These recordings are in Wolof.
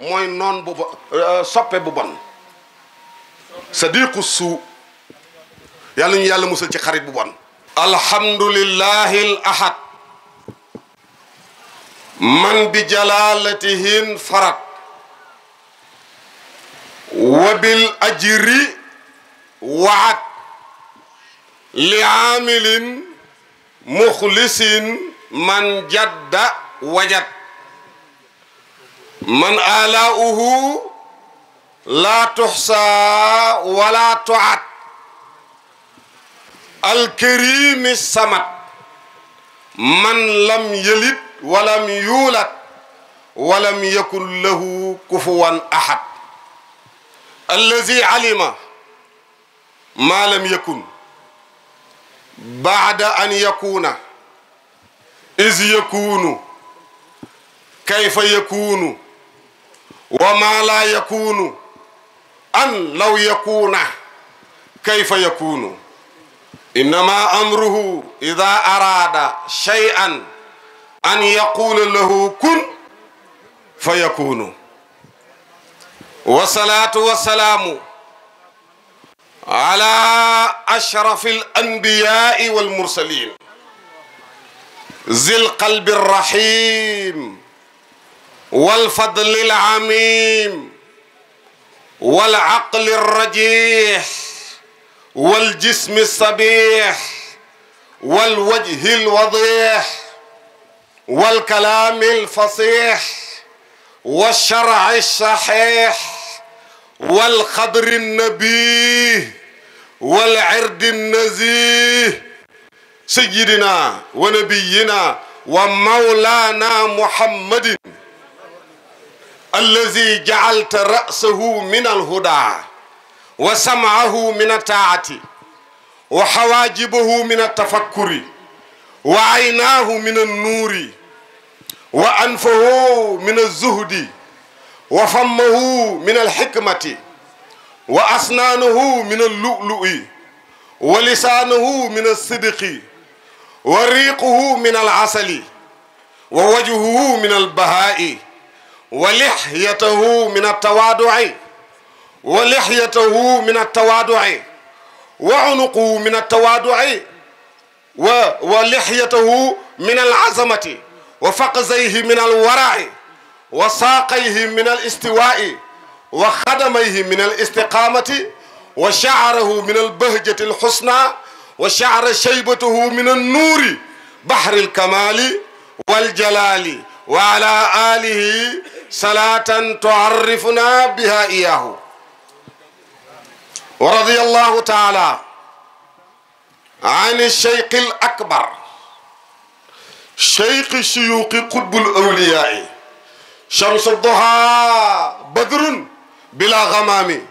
moy non bu euh, soppe bu bon sadiqu su yalla ñu yalla musal ci xarit bu bon alhamdulillahi ahad man bi jalalatihi farat wa bil ajri wa'ad li aamilin man jadda wajat من آلاؤه لا تحصى ولا تعد الكريم الصمد من لم يلد ولم يولد ولم يكن له كفوا احد الذي علم ما لم يكن بعد ان يكون اذ يكون كيف يكون وما لا يكون أن لو يكون كيف يكون إنما أمره إذا أراد شيئا أن يقول له كن فيكون والصلاة والسلام على أشرف الأنبياء والمرسلين ذي القلب الرحيم والفضل العميم والعقل الرجيح والجسم الصبيح والوجه الوضيح والكلام الفصيح والشرع الصحيح والخضر النبيه والعرض النزيه سيدنا ونبينا ومولانا محمد الذي جعلت رأسه من الهدى وسمعه من الطاعة وحواجبه من التفكر وعيناه من النور وأنفه من الزهد وفمه من الحكمة وأسنانه من اللؤلؤ ولسانه من الصدق وريقه من العسل ووجهه من البهاء ولحيته من التواضع ولحيته من التواضع وعنقه من التواضع ولحيته من العظمة وفقزيه من الورع وساقيه من الاستواء وخدميه من الاستقامة وشعره من البهجة الحسنى وشعر شيبته من النور بحر الكمال والجلال وعلى آله صلاة تعرفنا بها إياه ورضي الله تعالى عن الشيخ الأكبر شيخ الشيوخ قطب الأولياء شمس الضحى بدر بلا غمام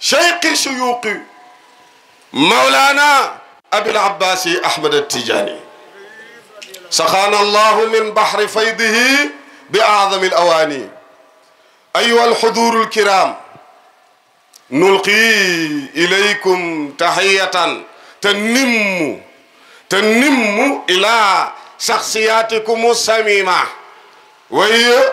شيخ الشيوخ مولانا أبي العباس أحمد التجاني سخان الله من بحر فيضه بأعظم الأواني أيها الحضور الكرام نلقي إليكم تحية تنم تنم إلى شخصياتكم السميمة وهي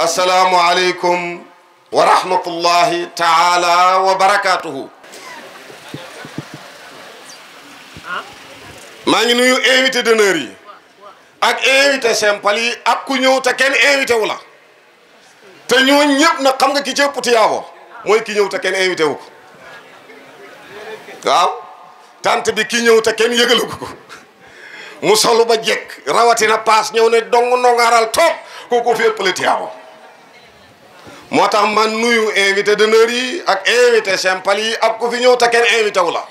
السلام عليكم ورحمة الله تعالى وبركاته ما نيو انفيتي دونر ak invité simple yi ak ku ñëw te kenn invité wu la te ñooñu ñëpp nag xam nga ki ci ëpp tiyaabo mooy ki ñëw te kenn invité wu ko waaw tante bi ki ñëw te kenn yëgalu ko mu solu ba jekk rawatina paas ñëw ne dong ndongaaral toog kooku fi ëpp la tiyaabo moo tax man nuyu invité d'honneur yi ak invité simple yi ak ku fi ñëw ta kenn invité wu la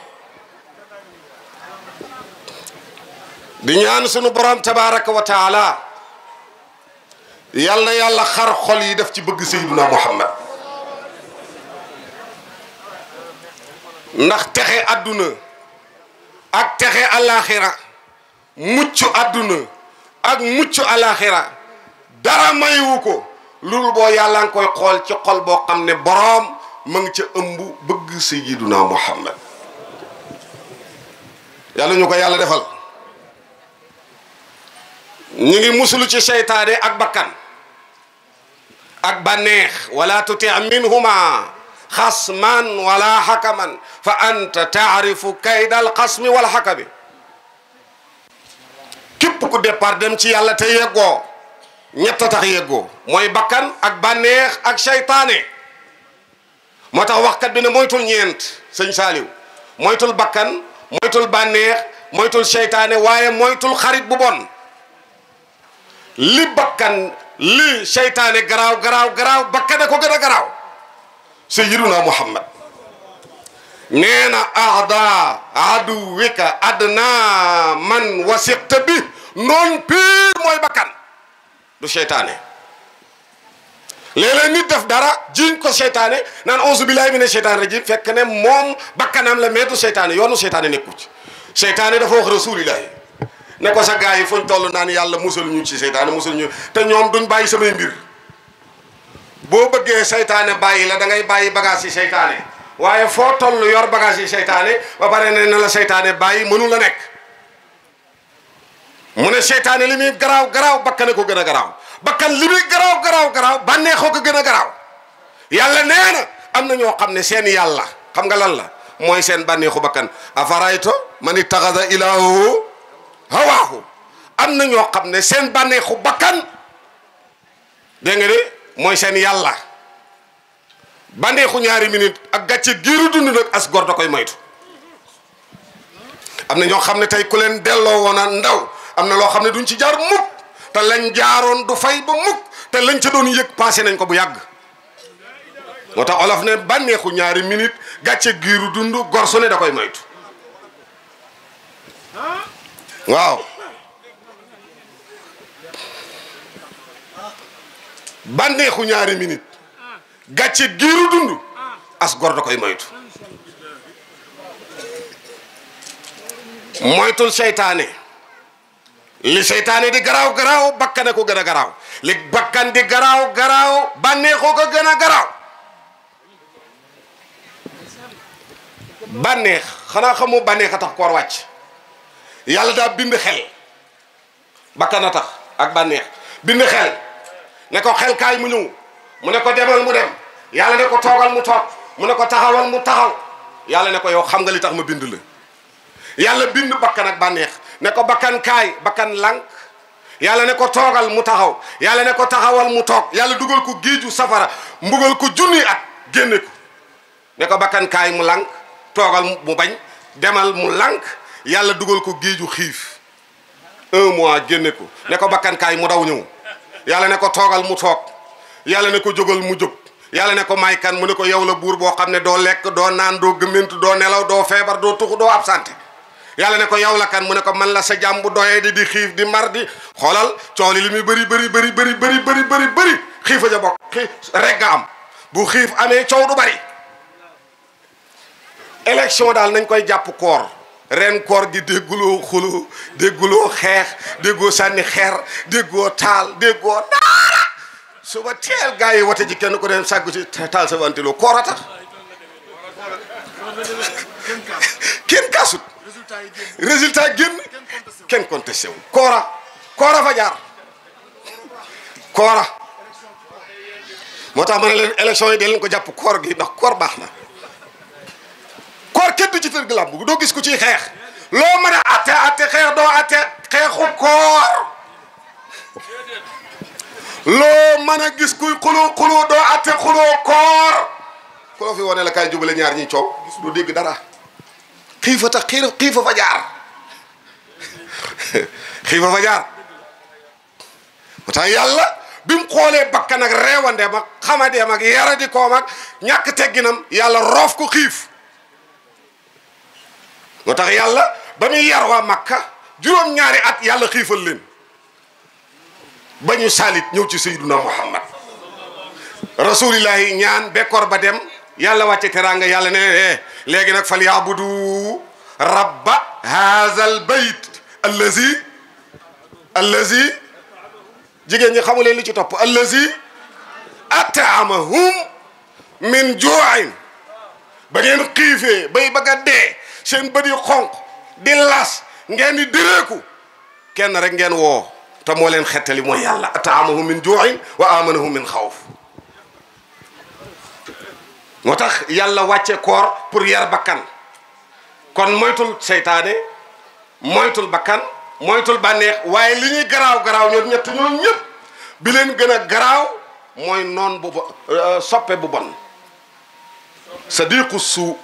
di ñaan sunu borom tabaraka wa taala yal na yàlla xar xol yi def ci bëgg sayyiduna muhammad ndax texe àdduna ak texe alaxira mucc àdduna ak mucc alaxira dara mayiwu ko loolu boo yàlla koy xool ci xol boo xam ne boroom ma ngi ca ëmb bëgg sayyiduna muhammad yàlla ñu ko yàlla defal ñu ngi musulu ci seytaane ak bakkan ak bànneex wala tuti minhuma xasman wala xakaman fa anta taarifu kaydal xasmi wal xakami képp ku départ dem ci yàlla te yeggoo ñett tax yeggoo mooy bakkan ak bànneex ak seytaane moo tax waxkat bi ne moytul ñeent sëñ saaliw moytul bakkan moytul bànneex moytul seytaane waaye moytul xarit bu bon li bakkan li seytaane garaaw garaaw garaaw bakkane ko gën a garaaw sayyiduna muhammad nee na ahda aduwika adna man wasiqta bi noon piir mooy bakkan du seytaane léeg-léeg nit dara jiñ ko seytaane naan auzu billahi mina seytaane rajim fekk ne moom bakkanam la mais du seytaane yoonu seytaane nekku ci seytaane dafa wax rasulillahi ne sa gaa yi foo toll naan yàlla musal ñu ci seytaane musal ñu te ñoom duñ bàyyi samay mbir boo bëggee seytaane bàyyi la da ngay bàyyi bagage yi seytaane waaye foo toll yor bagage yi seytaane ba pare ne na la seytaane bàyyi mënu la nekk mu ne seytaane li muy garaaw garaaw bakkane ko gën a garaaw bakkan li muy garaaw garaaw garaaw bànneexoo ko gën a garaaw yàlla nee na am na ñoo xam ne seen yàlla xam nga lan la mooy seen bànneexu bakkan afarayto hawaahu am na ñoo xam ne seen bànneexu bakkan dégg nga de mooy seen yàlla bànneexu ñaari minute ak gàcce giiru dund nag as gor da koy moytu am na ñoo xam ne tey ku leen delloo woon a ndaw am na loo xam ne duñ ci jaar mukk te lañ jaaroon du fay ba mukk te lañ ca doon yëg passé nañ ko bu yàgg moo tax olof ne bànneexu ñaari minit gàccee giiru dund gor su ne da koy moytu waaw bànneexu ñaari minute gàcce giiru dund as gor koy moytu moytul seytaane li seytaane di garaaw garaaw bakkane ko gën a garaaw li bakkan di garaaw garaaw bànneexoo ko gën a garaaw bànneex xanaa xamoo bànneex a tax koor wàcc yàlla daa bind xel bakkan a tax ak bànneex bind xel ne ko xel kaay mu ñëw mu ne ko demal mu dem yàlla ne ko toogal mu toog mu ne ko taxawal mu taxaw yàlla ne ko yow xam nga li tax ma bind la yàlla bind bakkan ak ne ko bakkan bakkan lànk yàlla ne ko toogal mu taxaw yàlla ne ko taxawal mu toog yàlla dugal ko géeju safara mbugal ko junni at génne ko ne ko bakkan kaay mu lank toogal mu bañ demal mu lànk yàlla dugal ko géeju xiif un mois génne ko ne ko bakkankaay mu daw ñëw yàlla ne ko toogal mu toog yàlla ne ko jógal mu jóg yàlla ne ko may kan mu ne ko yow la buur boo xam ne doo lekk doo naan doo gëmmint doo nelaw doo feebar doo tuxu doo absenté yàlla ne ko yow la kan mu ne ko man la sa jàmm bu doyee di di xiif di mar di xoolal coow li muy bëri bëri bëri bëri bëri bëri bëri bëri xiif a ja bokk rek nga am bu xiif amee coow du bëri élection daal nañ koy jàpp koor ren koor gi dégguloo xuloo dégguloo xeex déggoo sànni xeer déggoo taal déggoo daara suba teel gaa yi wate ji kenn ko den sàggu ci taal sa ventilo koor a tax kenn kaasut résultat génn kenn contesté wu koora koora fa jaar koora moo tax ma ne leen élection yi de leen ko jàpp koor gi ndax koor baax na koor kenn ci tër gi doo gis ku ci xeex loo mën a atte atte xeex doo atte xeexu koor loo mën gis kuy xuloo xuloo doo atte xuloo koor ku la fi wane la kaay jubale ñaar ñi coow du dégg dara xiifa tax xiif xiifa fa jaar xiifa fa jaar moo tax yàlla bi bakkan ak reewandeem ak xamadeem ak yaradi koom ak ñàkk tegginam yàlla roof ko xiif loo tax yàlla ba muy yar waa Makka juróom-ñaari at yàlla xiifal leen ba ñu saalit ñëw ci sayyiduna Muhammad rasulillahi ñaan bekkoor ba dem yàlla wàcce teraanga yàlla ne eh, léegi nag fal yaabudu rabba haazal bayt allazi allazi jigéen ñi xamuleen li ci topp allazi ataamahum min juuin ba ngeen xiifee bay bëgg a seen bët yi xonq di ngeen di dëreeku kenn rek ngeen woo te moo leen xettali mooy yàlla ataamahum min juuin wa amanahum min xawf moo tax yàlla wàcce koor pour yar bakkan kon moytul seytaane moytul bakkan moytul bànneex waaye li ñuy garaaw garaaw ñoom ñett ñëpp bi leen gën a garaaw mooy noon bu bo euh, soppe bu bon sadiqu suu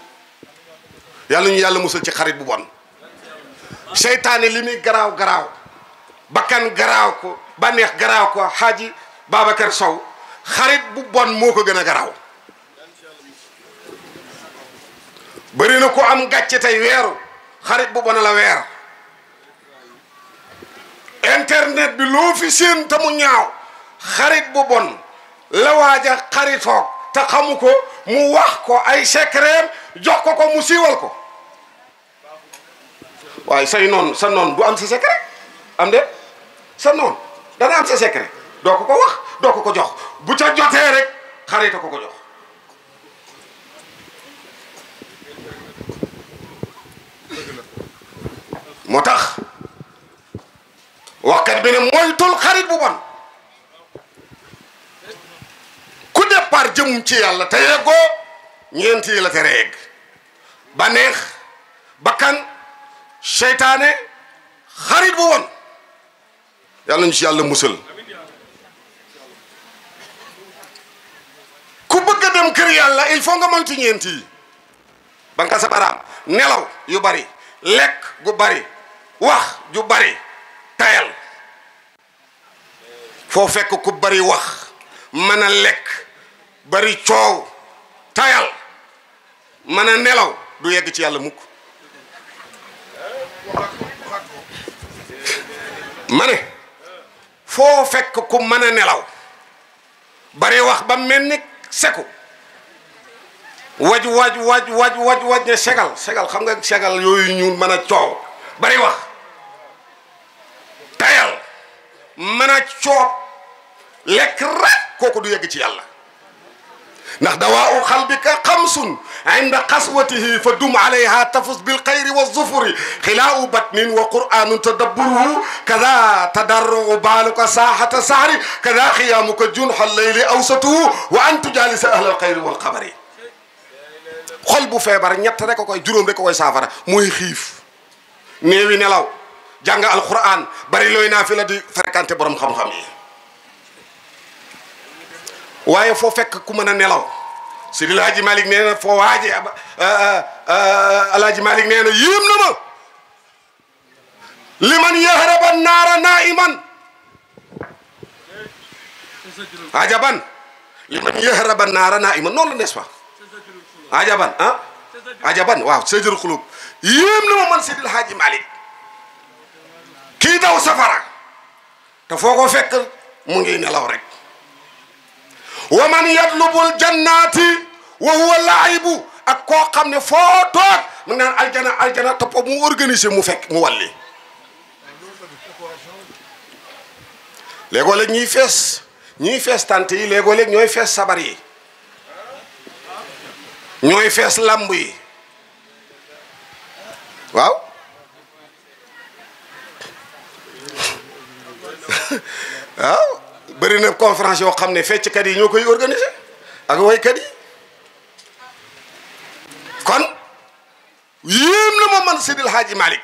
yàlla ñu yàlla musal ci xarit bu bon seytaane li garaaw garaaw bakkan garaaw ko bànneex garaaw ko xaaji Babacar Sow xarit bu bon moo ko gën a garaaw bëri na ko am gàcce tey weeru xarit bu bon la weer internet bi loo fi seen te mu ñaaw xarit bu bon la waaja xaritoog te xamu ko mu wax ko ay secret jox ko ko mu siiwal ko waaye say noon sa noon du am sa secret am de sa noon dana am sa secret doo ko ko wax doo ko ko jox bu ca jotee rek xarita ko ko jox moo tax waxkat bi ne moytul xarit bu bon départ jëm ci yàlla te yeggoo ñeent yi la tere yegg bànneex bakkan seytaane xarit bu woon yàlla ñu ci yàlla musal ku bëgg a dem kër yàlla il faut nga moytu ñeent yi banka sa baraam nelaw yu bari lekk gu bari wax ju bari tayal foo fekk ku bari wax mën a lekk bari ciow tayal mana nelaw du yegg ci yalla mukk mané fo fekk ku mana nelaw bari wax ba melni seku waj waj waj waj waj waj ne segal segal xam nga segal yooyu ñu mën ciow bari wax tayal mana a lek rek koku du yegg ci yalla نح دواء قلبك قمص عند قسوته فدم عليها تفز بالخير والظفر خلاء بطن وقرآن تدبره كذا تدرع بالك ساحة سعر كذا خيامك جنح الليل أوسطه وأنت جالس أهل الخير والقبر قلب فيبر نيت رك كوي جروم رك كوي سافر موي خيف نيوي نلاو جانغ القرآن بري لوينا في لدي فركانت بروم خم خمي waaye foo fekk ku mën a nelaw Seydi El Hadji Malick nee na foo waaje ah, ah, ah, El Hadji Malick nee na yéem na ma liman yahraba waaw sajër xulub yéem na ma man Seydi El Hadji Malick kii daw safara te foo ko fekk mu ngi nelaw rek wa man yatlubul jannaati wa huwa laayibu ak koo xam ne foo toog mu ngi naan aljana aljana topp mu organiser mu fekk mu walli léegoo léeg ñuy fees ñuy fees tante yi léegoo léeg ñooy fees sabar yi ñooy fees làmb yi waaw bëri na conférence yoo xam ne fecckat yi ñoo koy organiser ak waykat yi kon yéem na ma man Seydil Hadji Malick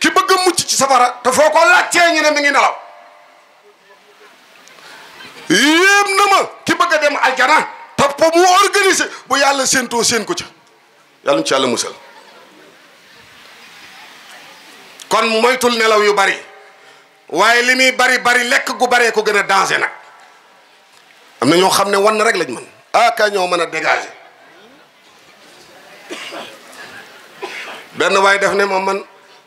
ki bëgg a mucc ci safara te foo ko laajtee ñu ne mi ngi nelaw yéem na ma ki bëgg a dem aljana te po mu organiser bu yàlla séentoo séen ko ca yàlla ñu ci yàlla musal kon moytul nelaw yu bari waaye li muy bari bari lekk gu baree ko gën a danger nag am na ñoo xam ne wan na rek lañ mën ah ñoo mën a dégager benn waaye def ne moom man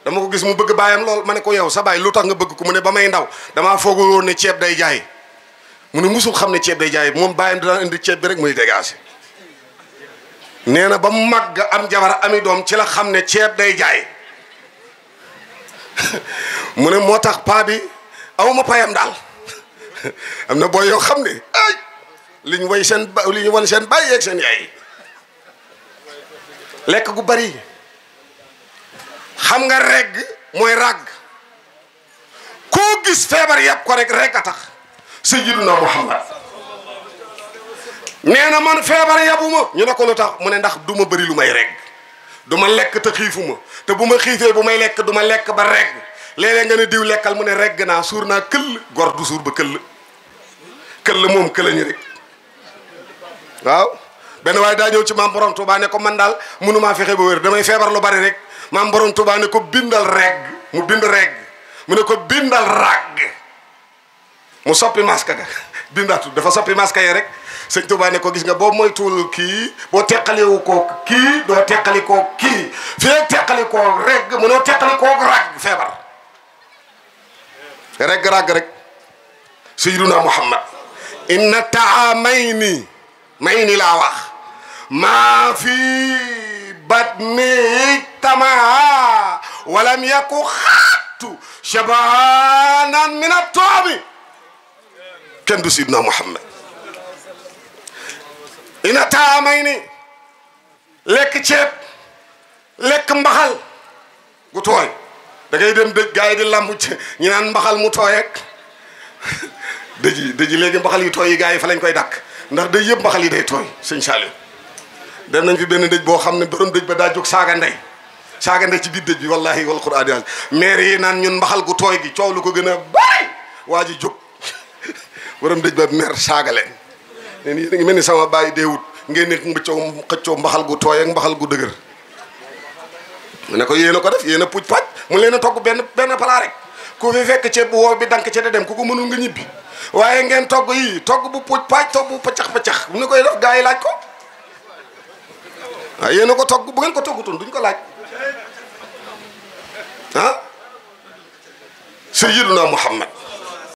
dama ko gis mu bëgg baayam lool ma ne ko yow sa baay lu tax nga bëgg ko mu ne ba may ndaw damaa foogul woon ne ceeb day jaay mu ne musul xam ne ceeb day jaay moom baayam dana indi ceeb bi rek muy dégager nee na ba mu màgg am jabar ami doom ci la xam ne ceeb day jaay mu ne moo tax bi awuma payam dal amna boy yo xamne xam ay li way sen liñ li sen baye ak sen yayi lek gu bari xam nga reg moy rag koo gis febar yàpp ko rek rek a tax sayyiduna muhammad neena man febar yabuma ñu ne ko lu tax mu ne ndax duma bari lu may reg duma lek te xifuma te buma xife bu may lek duma lek ba reg léeg nga ne diw lekkal mu ne regg naa suur naa këll gor du suur ba këll këll moom këlañu rek waaw benn waaye daa ñëw ci maam borom Touba ko man daal mënumaa fexe ba wér damay feebar lu bari rek maam borom Touba ne ko bindal regg mu bind regg mu ne ko bindal ragg mu soppi masque ga bindaatu dafa soppi masque yi rek sëñ Touba ko gis nga boo moytuwul kii boo teqaliwu koo kii doo teqali koo kii fee teqali koo regg mënoo teqali koo ragg feebar regg-ragg rek sayyiduna muhammad inna taa may ni may ni laa wax maa fi batni tamaa walam yaku xattu shabanan min atoobi kenn du sayyiduna muhammad inna taa may ni lekk ceeb lekk mbaxal gu tooy da ngay dem dëj gars yi di lambu ñu naan mbaxal mu tooy ak dëj yi dëj yi léegi mbaxal yu tooy yi gars yi fa lañ koy dàkk ndax dëj yëpp mbaxal yi day tooy sëñ Saliou dem nañ fi benn dëj boo xam ne borom dëj ba daa jóg saaga ndey saaga ndey ci biir dëj bi wallahi wal quraan al maire yi naan ñun mbaxal gu tooy gi coow lu ko gën a bari waa ji jóg borom dëj ba mer saaga leen ne ni yéen a ngi mel ni sama bàyyi deewut ngeen ne xëccoo xëccoo mbaxal gu tooy ak mbaxal gu dëgër mu ne ko yéen a ko def yéen a puj paj mu leen a togg benn benn plat rek ku fi fekk ceeb bu bi dank ca da dem ku ko mënul nga ñibbi waaye ngeen togg yi togg bu puj paj togg bu paccax paccax mu ne koy def gaa yi laaj ko waaw ah, yéen a ko togg bu ngeen ko toggutoon duñ ko laaj ah sayyiduna Muhammad